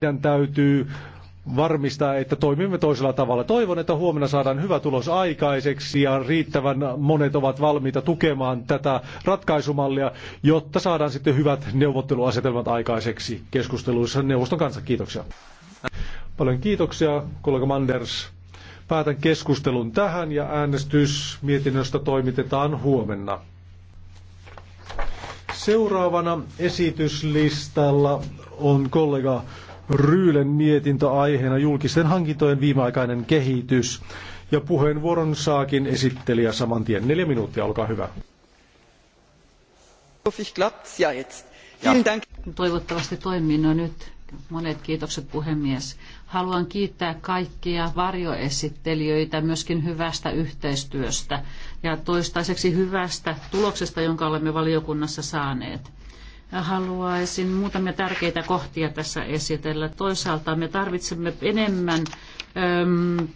meidän täytyy varmistaa, että toimimme toisella tavalla. Toivon, että huomenna saadaan hyvä tulos aikaiseksi ja riittävän monet ovat valmiita tukemaan tätä ratkaisumallia, jotta saadaan sitten hyvät neuvotteluasetelmat aikaiseksi keskusteluissa neuvoston kanssa. Kiitoksia. Paljon kiitoksia, kollega Manders. Päätän keskustelun tähän ja äänestys mietinnöstä toimitetaan huomenna. Seuraavana esityslistalla on kollega Ryylen mietintö aiheena julkisten hankintojen viimeaikainen kehitys. Ja puheenvuoron saakin esittelijä saman tien. Neljä minuuttia, olkaa hyvä. Toivottavasti toimii no nyt. Monet kiitokset puhemies. Haluan kiittää kaikkia varjoesittelijöitä myöskin hyvästä yhteistyöstä ja toistaiseksi hyvästä tuloksesta, jonka olemme valiokunnassa saaneet haluaisin muutamia tärkeitä kohtia tässä esitellä. Toisaalta me tarvitsemme enemmän äm,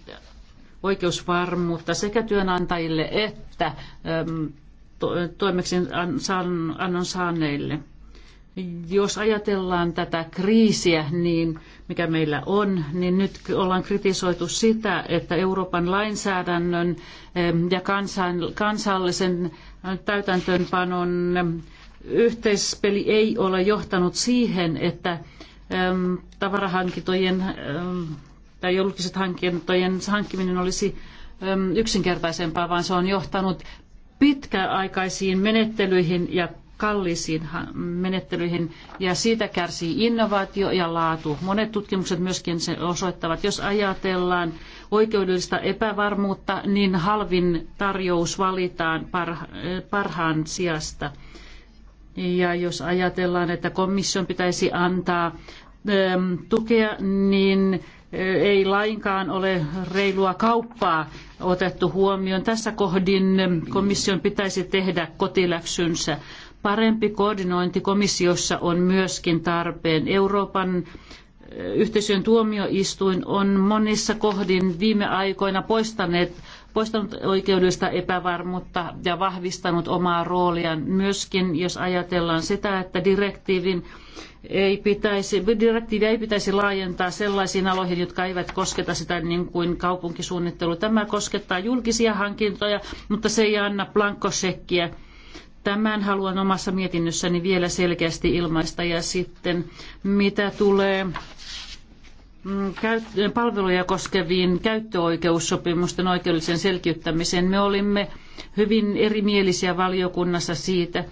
oikeusvarmuutta sekä työnantajille että äm, to, annon saaneille. Jos ajatellaan tätä kriisiä, niin mikä meillä on, niin nyt ollaan kritisoitu sitä, että Euroopan lainsäädännön ja kansallisen täytäntöönpanon yhteispeli ei ole johtanut siihen, että ähm, tavarahankintojen ähm, tai julkiset hankintojen hankkiminen olisi ähm, yksinkertaisempaa, vaan se on johtanut pitkäaikaisiin menettelyihin ja kalliisiin menettelyihin ja siitä kärsii innovaatio ja laatu. Monet tutkimukset myöskin sen osoittavat, jos ajatellaan oikeudellista epävarmuutta, niin halvin tarjous valitaan äh, parhaan sijasta. Ja jos ajatellaan, että komission pitäisi antaa ähm, tukea, niin äh, ei lainkaan ole reilua kauppaa otettu huomioon. Tässä kohdin ähm, komission pitäisi tehdä kotiläksynsä. Parempi koordinointi komissiossa on myöskin tarpeen. Euroopan äh, yhteisöjen tuomioistuin on monissa kohdin viime aikoina poistanut poistanut oikeudellista epävarmuutta ja vahvistanut omaa rooliaan myöskin, jos ajatellaan sitä, että direktiivin ei pitäisi, direktiiviä ei pitäisi laajentaa sellaisiin aloihin, jotka eivät kosketa sitä niin kuin kaupunkisuunnittelu. Tämä koskettaa julkisia hankintoja, mutta se ei anna blankkosekkiä Tämän haluan omassa mietinnössäni vielä selkeästi ilmaista ja sitten mitä tulee Mm, palveluja koskeviin käyttöoikeussopimusten oikeudellisen selkiyttämiseen. Me olimme hyvin erimielisiä valiokunnassa siitä.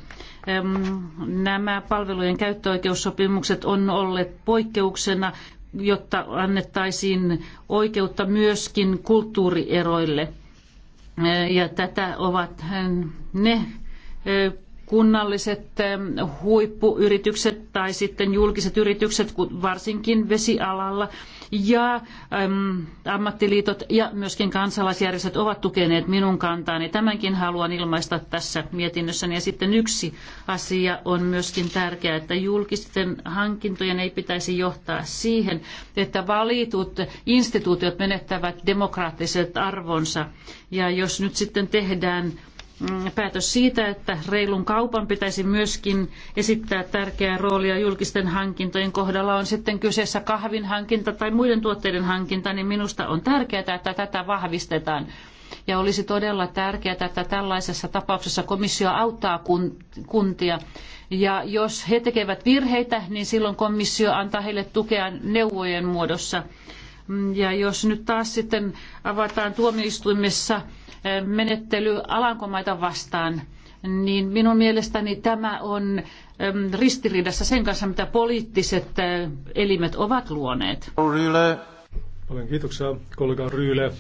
Nämä palvelujen käyttöoikeussopimukset on olleet poikkeuksena, jotta annettaisiin oikeutta myöskin kulttuurieroille. Ja tätä ovat ne kunnalliset ähm, huippuyritykset tai sitten julkiset yritykset, varsinkin vesialalla, ja ähm, ammattiliitot ja myöskin kansalaisjärjestöt ovat tukeneet minun kantaani. Tämänkin haluan ilmaista tässä mietinnössäni. Ja sitten yksi asia on myöskin tärkeä, että julkisten hankintojen ei pitäisi johtaa siihen, että valitut instituutiot menettävät demokraattiset arvonsa. Ja jos nyt sitten tehdään Mm, päätös siitä, että reilun kaupan pitäisi myöskin esittää tärkeää roolia julkisten hankintojen kohdalla, on sitten kyseessä kahvin hankinta tai muiden tuotteiden hankinta, niin minusta on tärkeää, että tätä vahvistetaan. Ja olisi todella tärkeää, että tällaisessa tapauksessa komissio auttaa kuntia. Ja jos he tekevät virheitä, niin silloin komissio antaa heille tukea neuvojen muodossa. Mm, ja jos nyt taas sitten avataan tuomioistuimessa eh, menettely Alankomaita vastaan, niin minun mielestäni tämä on ristiriidassa sen kanssa, mitä poliittiset eh, elimet ovat luoneet. Ryyle. Paljon kiitoksia kollega Ryyle.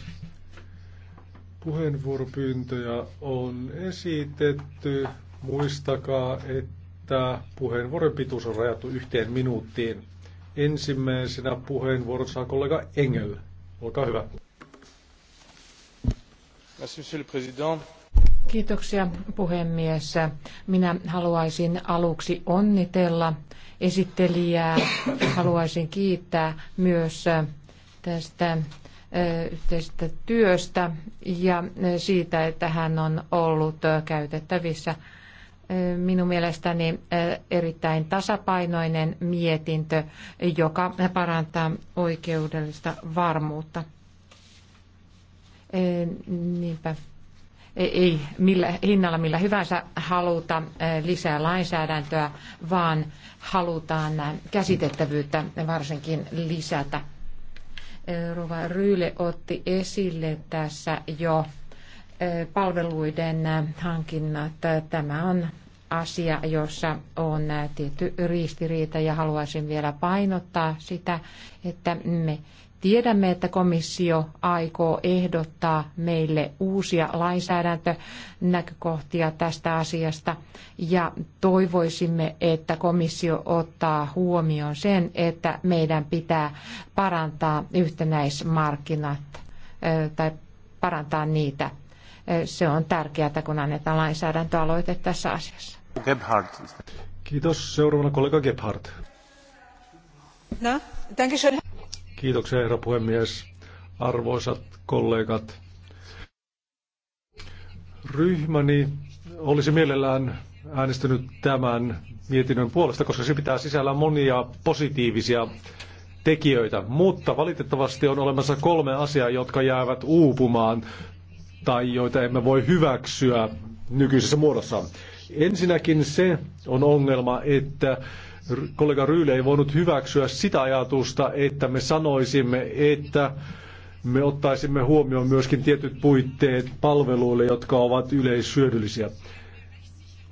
Puheenvuoropyyntöjä on esitetty. Muistakaa, että puheenvuoron pituus on rajattu yhteen minuuttiin. Ensimmäisenä puheenvuoron saa kollega Engel. Olkaa hyvä. Kiitoksia puhemies. Minä haluaisin aluksi onnitella esittelijää. Haluaisin kiittää myös tästä yhteisestä äh, työstä ja siitä, että hän on ollut käytettävissä minun mielestäni erittäin tasapainoinen mietintö, joka parantaa oikeudellista varmuutta. Niinpä ei millä hinnalla millä hyvänsä haluta lisää lainsäädäntöä, vaan halutaan käsitettävyyttä varsinkin lisätä. Rova Ryyle otti esille tässä jo palveluiden hankinnat. Tämä on asia, jossa on tietty ristiriita ja haluaisin vielä painottaa sitä, että me tiedämme, että komissio aikoo ehdottaa meille uusia lainsäädäntönäkökohtia tästä asiasta ja toivoisimme, että komissio ottaa huomioon sen, että meidän pitää parantaa yhtenäismarkkinat tai parantaa niitä se on tärkeää, kun annetaan lainsäädäntöaloite tässä asiassa. Gebhardt. Kiitos. Seuraavana kollega Gebhardt. No, Kiitoksia, herra puhemies. Arvoisat kollegat, ryhmäni olisi mielellään äänestänyt tämän mietinnön puolesta, koska se pitää sisällä monia positiivisia tekijöitä, mutta valitettavasti on olemassa kolme asiaa, jotka jäävät uupumaan tai joita emme voi hyväksyä nykyisessä muodossa. Ensinnäkin se on ongelma, että kollega Ryyle ei voinut hyväksyä sitä ajatusta, että me sanoisimme, että me ottaisimme huomioon myöskin tietyt puitteet palveluille, jotka ovat yleishyödyllisiä.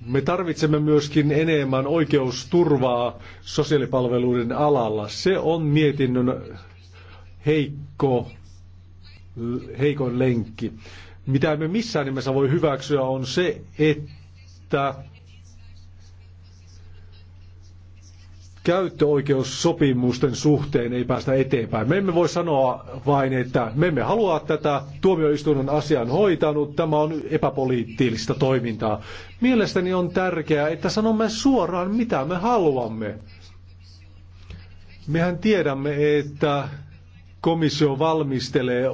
Me tarvitsemme myöskin enemmän oikeusturvaa sosiaalipalveluiden alalla. Se on mietinnön heikko, heikon lenkki. Mitä emme missään nimessä voi hyväksyä on se, että käyttöoikeussopimusten suhteen ei päästä eteenpäin. Me emme voi sanoa vain, että me emme halua tätä, tuomioistuin asian hoitanut, tämä on epäpoliittista toimintaa. Mielestäni on tärkeää, että sanomme suoraan, mitä me haluamme. Mehän tiedämme, että komissio valmistelee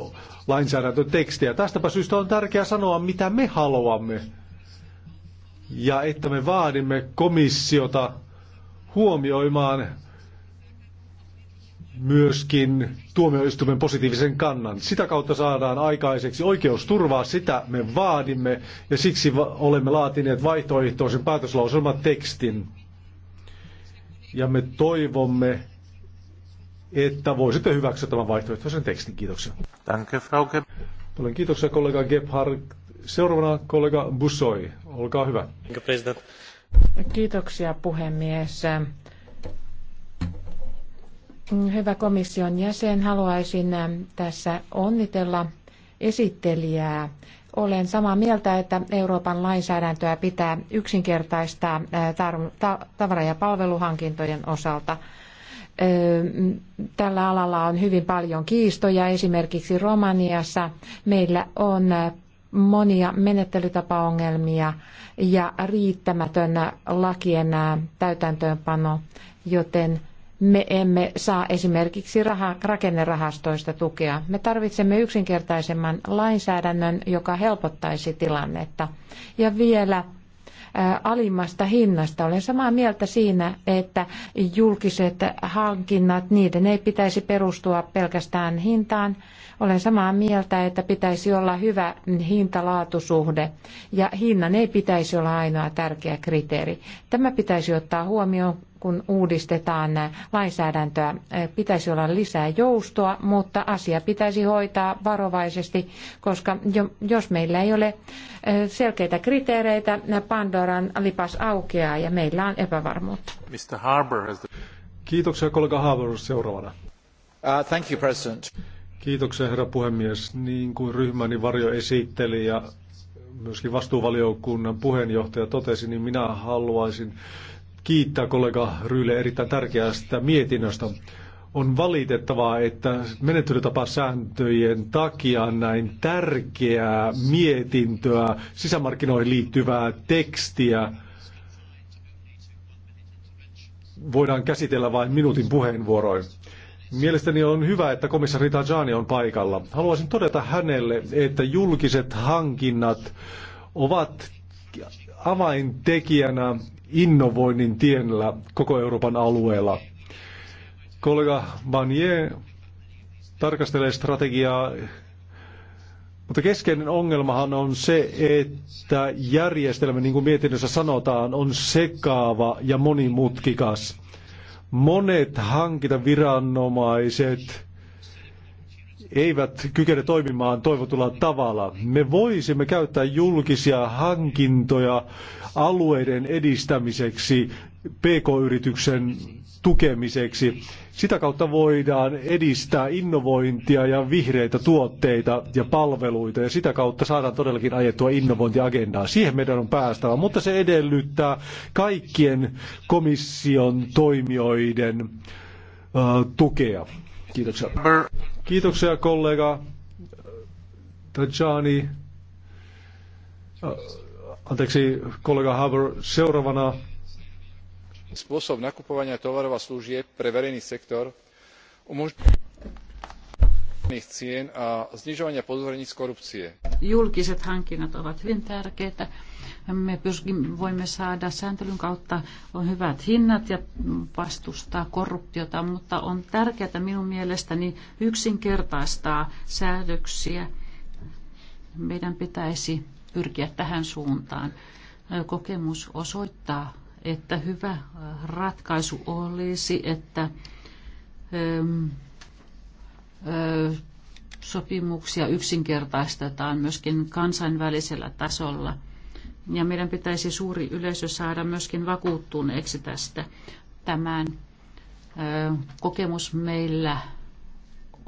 lainsäädäntötekstejä. Tästäpä syystä on tärkeää sanoa, mitä me haluamme. Ja että me vaadimme komissiota huomioimaan myöskin tuomioistuimen positiivisen kannan. Sitä kautta saadaan aikaiseksi oikeusturvaa, sitä me vaadimme ja siksi olemme laatineet vaihtoehtoisen päätöslauselman tekstin. Ja me toivomme, että voisitte hyväksyä tämän vaihtoehtoisen tekstin. Kiitoksia. Danke, Frau Ge- Paljon kiitoksia kollega Gebhardt. Seuraavana kollega Busoi. Olkaa hyvä. Kiitoksia puhemies. Hyvä komission jäsen, haluaisin tässä onnitella esittelijää. Olen samaa mieltä, että Euroopan lainsäädäntöä pitää yksinkertaistaa äh, tavara- ja palveluhankintojen osalta – Tällä alalla on hyvin paljon kiistoja. Esimerkiksi Romaniassa meillä on monia menettelytapaongelmia ja riittämätön lakien täytäntöönpano, joten me emme saa esimerkiksi raha, rakennerahastoista tukea. Me tarvitsemme yksinkertaisemman lainsäädännön, joka helpottaisi tilannetta. Ja vielä alimmasta hinnasta. Olen samaa mieltä siinä, että julkiset hankinnat, niiden ei pitäisi perustua pelkästään hintaan. Olen samaa mieltä, että pitäisi olla hyvä hintalaatusuhde ja hinnan ei pitäisi olla ainoa tärkeä kriteeri. Tämä pitäisi ottaa huomioon kun uudistetaan lainsäädäntöä, pitäisi olla lisää joustoa, mutta asia pitäisi hoitaa varovaisesti, koska jos meillä ei ole selkeitä kriteereitä, Pandoran lipas aukeaa ja meillä on epävarmuutta. Mr. Harbour has the... Kiitoksia kollega Harbour seuraavana. Uh, thank you, President. Kiitoksia herra puhemies. Niin kuin ryhmäni varjo esitteli ja myöskin vastuuvaliokunnan puheenjohtaja totesi, niin minä haluaisin kiittää kollega Ryyle erittäin tärkeästä mietinnöstä. On valitettavaa, että menettelytapasääntöjen takia näin tärkeää mietintöä, sisämarkkinoihin liittyvää tekstiä voidaan käsitellä vain minuutin puheenvuoroin. Mielestäni on hyvä, että komissari Tajani on paikalla. Haluaisin todeta hänelle, että julkiset hankinnat ovat avaintekijänä innovoinnin tiellä koko Euroopan alueella. Kollega Vanier tarkastelee strategiaa, mutta keskeinen ongelmahan on se, että järjestelmä, niin kuin mietinnössä sanotaan, on sekaava ja monimutkikas. Monet hankintaviranomaiset eivät kykene toimimaan toivotulla tavalla. Me voisimme käyttää julkisia hankintoja alueiden edistämiseksi, pk-yrityksen tukemiseksi. Sitä kautta voidaan edistää innovointia ja vihreitä tuotteita ja palveluita ja sitä kautta saadaan todellakin ajettua innovointiagendaa. Siihen meidän on päästävä, mutta se edellyttää kaikkien komission toimijoiden tukea. Kiitoksia. Kiitoksia kollega Tajani. Anteeksi, kollega Haber. Seuraavana spôsob nakupovania tovarov a služieb pre verejný sektor umožňuje Julkiset hankinnat ovat hyvin tärkeitä. Me pyskin voimme saada sääntelyn kautta on hyvät hinnat ja vastustaa korruptiota, mutta on tärkeää minun mielestäni yksinkertaistaa säädöksiä. Meidän pitäisi pyrkiä tähän suuntaan. Kokemus osoittaa, että hyvä ratkaisu olisi, että ähm, sopimuksia yksinkertaistetaan myöskin kansainvälisellä tasolla. Ja meidän pitäisi suuri yleisö saada myöskin vakuuttuneeksi tästä. Tämän kokemus meillä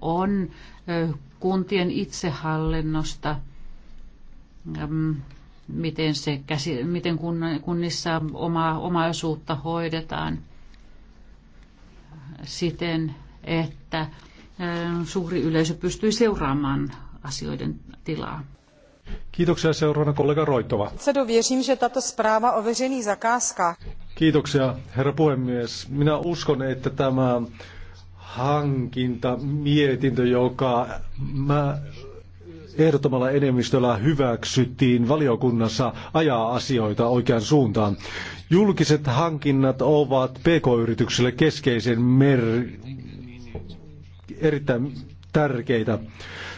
on kuntien itsehallinnosta, miten, se käsi, miten kunnissa omaa omaisuutta hoidetaan siten, että suuri yleisö pystyy seuraamaan asioiden tilaa. Kiitoksia seuraavana kollega Roittova. Věřím, že tato zpráva o Kiitoksia herra puhemies. Minä uskon, että tämä hankinta, mietintö, joka mä ehdottomalla enemmistöllä hyväksyttiin valiokunnassa ajaa asioita oikeaan suuntaan. Julkiset hankinnat ovat pk-yrityksille keskeisen mer- erittäin tärkeitä.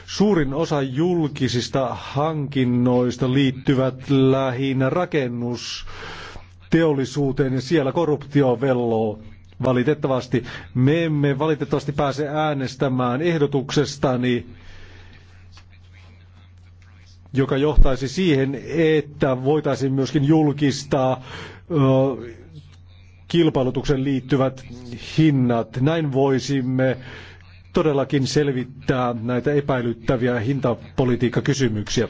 Suurin osa julkisista hankinnoista liittyvät lähinnä rakennusteollisuuteen ja siellä korruptio velloo. Valitettavasti me emme valitettavasti pääse äänestämään ehdotuksestani, joka johtaisi siihen, että voitaisiin myöskin julkistaa ö, kilpailutuksen liittyvät hinnat. Näin voisimme todellakin selvittää näitä epäilyttäviä hintapolitiikkakysymyksiä.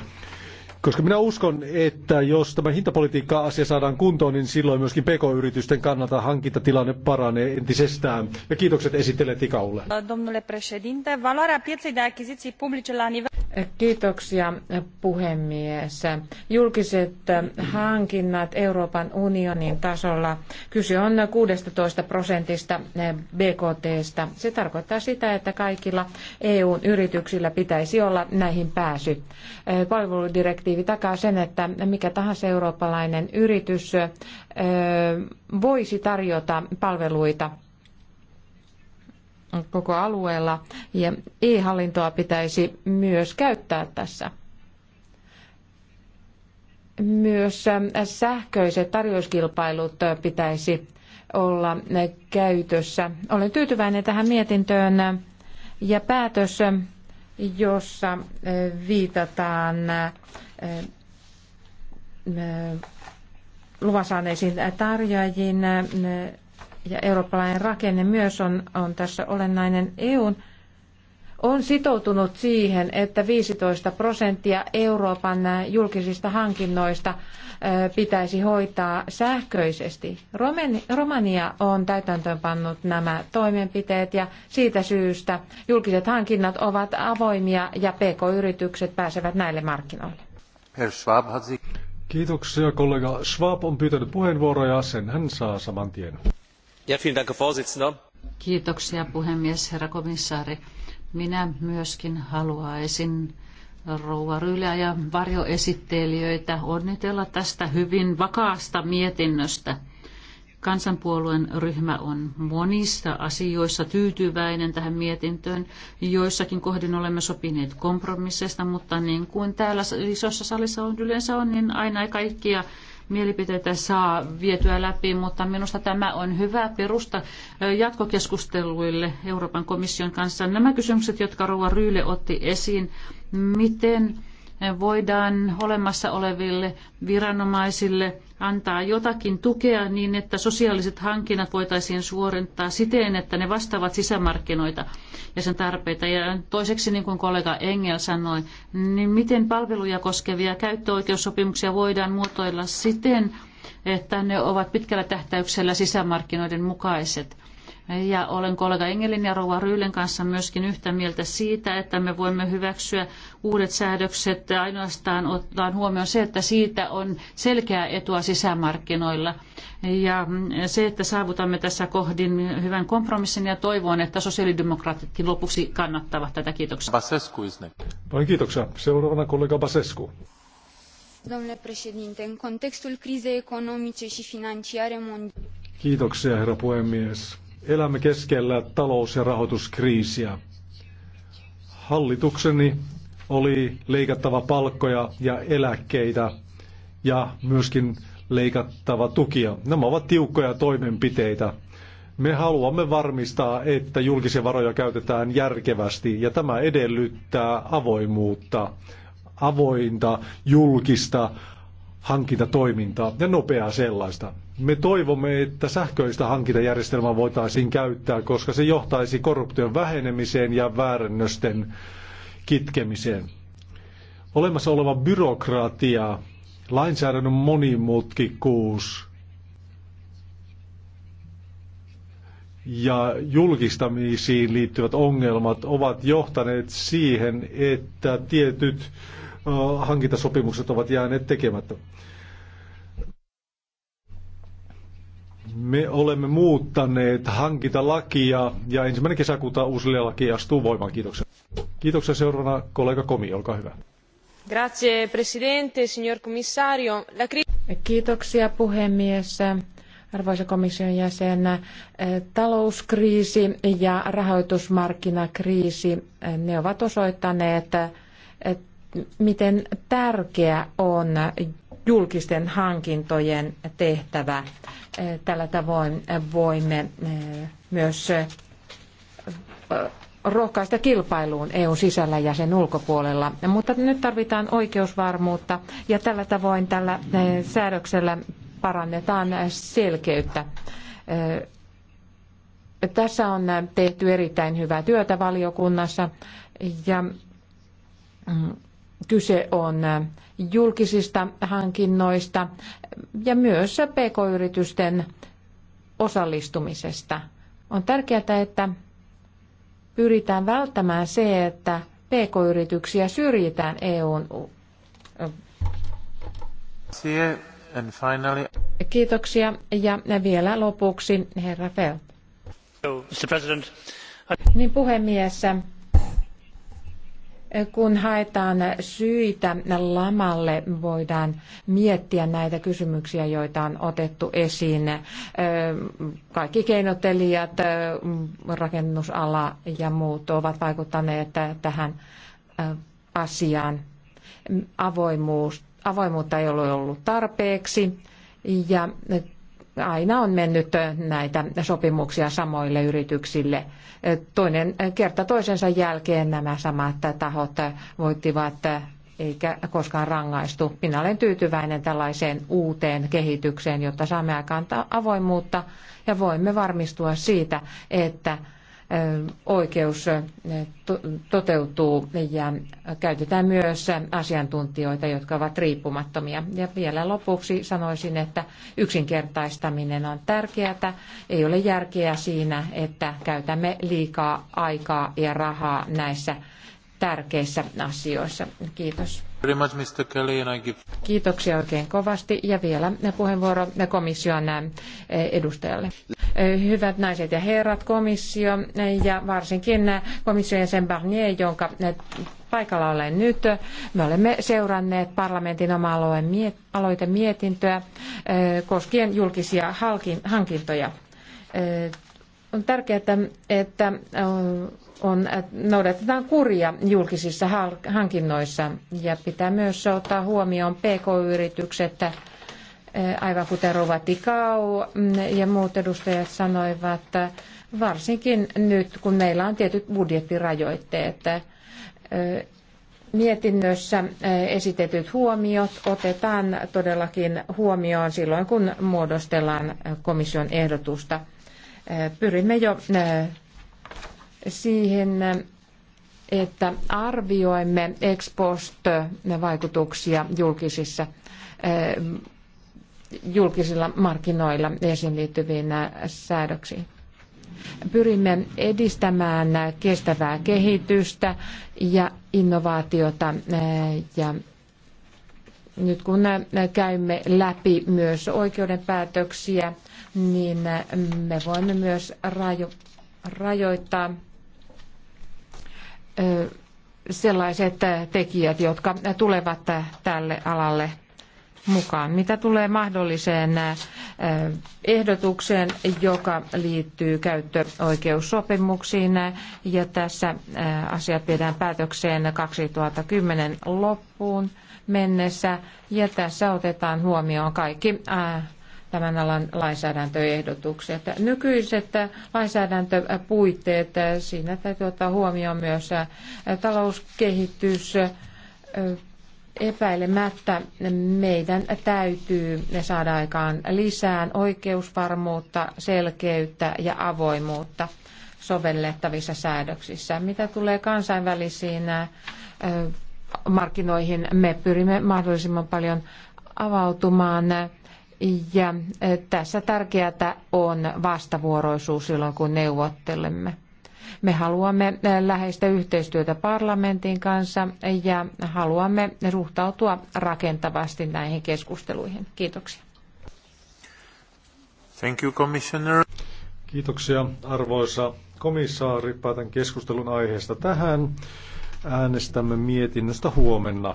Koska minä uskon, että jos tämä hintapolitiikka-asia saadaan kuntoon, niin silloin myöskin PK-yritysten kannalta hankintatilanne paranee entisestään. Ja kiitokset esittelijä Tikaulle. Domnule președinte, valoarea pieței de achiziții publice la nivel... Kiitoksia puhemies. Julkiset hankinnat Euroopan unionin tasolla. Kyse on 16 prosentista BKTstä. Se tarkoittaa sitä, että kaikilla EUn yrityksillä pitäisi olla näihin pääsy. Palveludirektiivi takaa sen, että mikä tahansa eurooppalainen yritys voisi tarjota palveluita koko alueella ja e-hallintoa pitäisi myös käyttää tässä. Myös sähköiset tarjouskilpailut pitäisi olla käytössä. Olen tyytyväinen tähän mietintöön ja päätös, jossa viitataan luvan saaneisiin tarjoajiin ja eurooppalainen rakenne myös on, on tässä olennainen. EU on sitoutunut siihen, että 15 prosenttia Euroopan julkisista hankinnoista pitäisi hoitaa sähköisesti. Romania on täytäntöönpannut nämä toimenpiteet ja siitä syystä julkiset hankinnat ovat avoimia ja pk-yritykset pääsevät näille markkinoille. Kiitoksia kollega Schwab on pyytänyt puheenvuoroja, sen hän saa saman tien. Kiitoksia puhemies, herra komissaari. Minä myöskin haluaisin rouva Rylä ja varjoesittelijöitä onnitella tästä hyvin vakaasta mietinnöstä. Kansanpuolueen ryhmä on monissa asioissa tyytyväinen tähän mietintöön. Joissakin kohdin olemme sopineet kompromisseista, mutta niin kuin täällä isossa salissa on yleensä on, niin aina ei kaikkia mielipiteitä saa vietyä läpi, mutta minusta tämä on hyvä perusta jatkokeskusteluille Euroopan komission kanssa. Nämä kysymykset, jotka Rouva Ryyle otti esiin, miten voidaan olemassa oleville viranomaisille antaa jotakin tukea niin, että sosiaaliset hankinnat voitaisiin suorittaa siten, että ne vastaavat sisämarkkinoita ja sen tarpeita. Ja toiseksi, niin kuin kollega Engel sanoi, niin miten palveluja koskevia käyttöoikeussopimuksia voidaan muotoilla siten, että ne ovat pitkällä tähtäyksellä sisämarkkinoiden mukaiset. Ja olen kollega Engelin ja Rouva Ryylen kanssa myöskin yhtä mieltä siitä, että me voimme hyväksyä uudet säädökset ainoastaan ottaen huomioon se, että siitä on selkeää etua sisämarkkinoilla. Ja se, että saavutamme tässä kohdin hyvän kompromissin ja toivon, että sosiaalidemokraatitkin lopuksi kannattavat tätä. Kiitoksia. Basescu, kiitoksia. Seuraavana kollega Basescu în contextul crizei economice și financiare mondiale. Kiitoksia, herra puhemies. Elämme keskellä talous- ja rahoituskriisiä. Hallitukseni oli leikattava palkkoja ja eläkkeitä ja myöskin leikattava tukia. Nämä ovat tiukkoja toimenpiteitä. Me haluamme varmistaa, että julkisia varoja käytetään järkevästi ja tämä edellyttää avoimuutta, avointa, julkista hankintatoimintaa ja nopeaa sellaista. Me toivomme, että sähköistä hankintajärjestelmää voitaisiin käyttää, koska se johtaisi korruption vähenemiseen ja väärennösten kitkemiseen. Olemassa oleva byrokratia, lainsäädännön monimutkikkuus ja julkistamisiin liittyvät ongelmat ovat johtaneet siihen, että tietyt hankintasopimukset ovat jääneet tekemättä. Me olemme muuttaneet hankintalakia ja ensimmäinen kesäkuuta uusi laki astuu voimaan. Kiitoksia. Kiitoksia seuraavana kollega Komi, olkaa hyvä. Grazie presidente, signor commissario. La cri- Kiitoksia puhemies. Arvoisa komission jäsen, talouskriisi ja rahoitusmarkkinakriisi, ne ovat osoittaneet, miten tärkeä on julkisten hankintojen tehtävä. Eh, tällä tavoin voimme eh, myös eh, rohkaista kilpailuun EUn sisällä ja sen ulkopuolella. Mutta nyt tarvitaan oikeusvarmuutta ja tällä tavoin tällä säädöksellä parannetaan selkeyttä. Tässä on tehty erittäin hyvää työtä valiokunnassa ja mm, Kyse on äh, julkisista hankinnoista ja myös pk-yritysten osallistumisesta. On tärkeää, että pyritään välttämään se, että pk-yrityksiä syrjitään EUn. Kiitoksia. Ja vielä lopuksi herra Feld. Niin puhemies, kun haetaan syitä lamalle, voidaan miettiä näitä kysymyksiä, joita on otettu esiin. Kaikki keinotelijat, rakennusala ja muut ovat vaikuttaneet tähän asiaan. Avoimuus, avoimuutta ei ole ollut tarpeeksi ja aina on mennyt näitä sopimuksia samoille yrityksille. Toinen kerta toisensa jälkeen nämä samat tahot voittivat eikä koskaan rangaistu. Minä olen tyytyväinen tällaiseen uuteen kehitykseen, jotta saamme aikaan avoimuutta ja voimme varmistua siitä, että oikeus toteutuu ja käytetään myös asiantuntijoita, jotka ovat riippumattomia. Ja vielä lopuksi sanoisin, että yksinkertaistaminen on tärkeää. Ei ole järkeä siinä, että käytämme liikaa aikaa ja rahaa näissä tärkeissä asioissa. Kiitos. Kiitoksia oikein kovasti ja vielä puheenvuoro komission edustajalle. Hyvät naiset ja herrat, komissio ja varsinkin komission jäsen Barnier, jonka paikalla olen nyt. Me olemme seuranneet parlamentin oma aloitemietintöä koskien julkisia hankintoja. On tärkeää, että on, noudatetaan kuria julkisissa hankinnoissa ja pitää myös ottaa huomioon pk-yritykset, eh, aivan kuten Rova Tikau mm, ja muut edustajat sanoivat, eh, varsinkin nyt kun meillä on tietyt budjettirajoitteet. Eh, mietinnössä esitetyt huomiot otetaan todellakin huomioon silloin, kun muodostellaan komission ehdotusta. Pyrimme jo siihen, että arvioimme ex post vaikutuksia julkisissa eh, julkisilla markkinoilla esiin liittyviin eh, säädöksiin. Pyrimme edistämään kestävää kehitystä ja innovaatiota eh, ja nyt kun käymme läpi myös oikeudenpäätöksiä, niin me voimme myös rajoittaa sellaiset tekijät, jotka tulevat tälle alalle mukaan. Mitä tulee mahdolliseen ehdotukseen, joka liittyy käyttöoikeussopimuksiin, ja tässä asiat viedään päätökseen 2010 loppuun mennessä, ja tässä otetaan huomioon kaikki tämän alan lainsäädäntöehdotukset. Nykyiset lainsäädäntöpuitteet, siinä täytyy ottaa huomioon myös äh, talouskehitys. Äh, epäilemättä meidän täytyy saada aikaan lisää oikeusvarmuutta, selkeyttä ja avoimuutta sovellettavissa säädöksissä. Mitä tulee kansainvälisiin äh, markkinoihin, me pyrimme mahdollisimman paljon avautumaan ja eh, tässä tärkeää on vastavuoroisuus silloin, kun neuvottelemme. Me haluamme eh, läheistä yhteistyötä parlamentin kanssa ja haluamme suhtautua rakentavasti näihin keskusteluihin. Kiitoksia. Thank you, Commissioner. Kiitoksia arvoisa komissaari. Päätän keskustelun aiheesta tähän. Äänestämme mietinnöstä huomenna.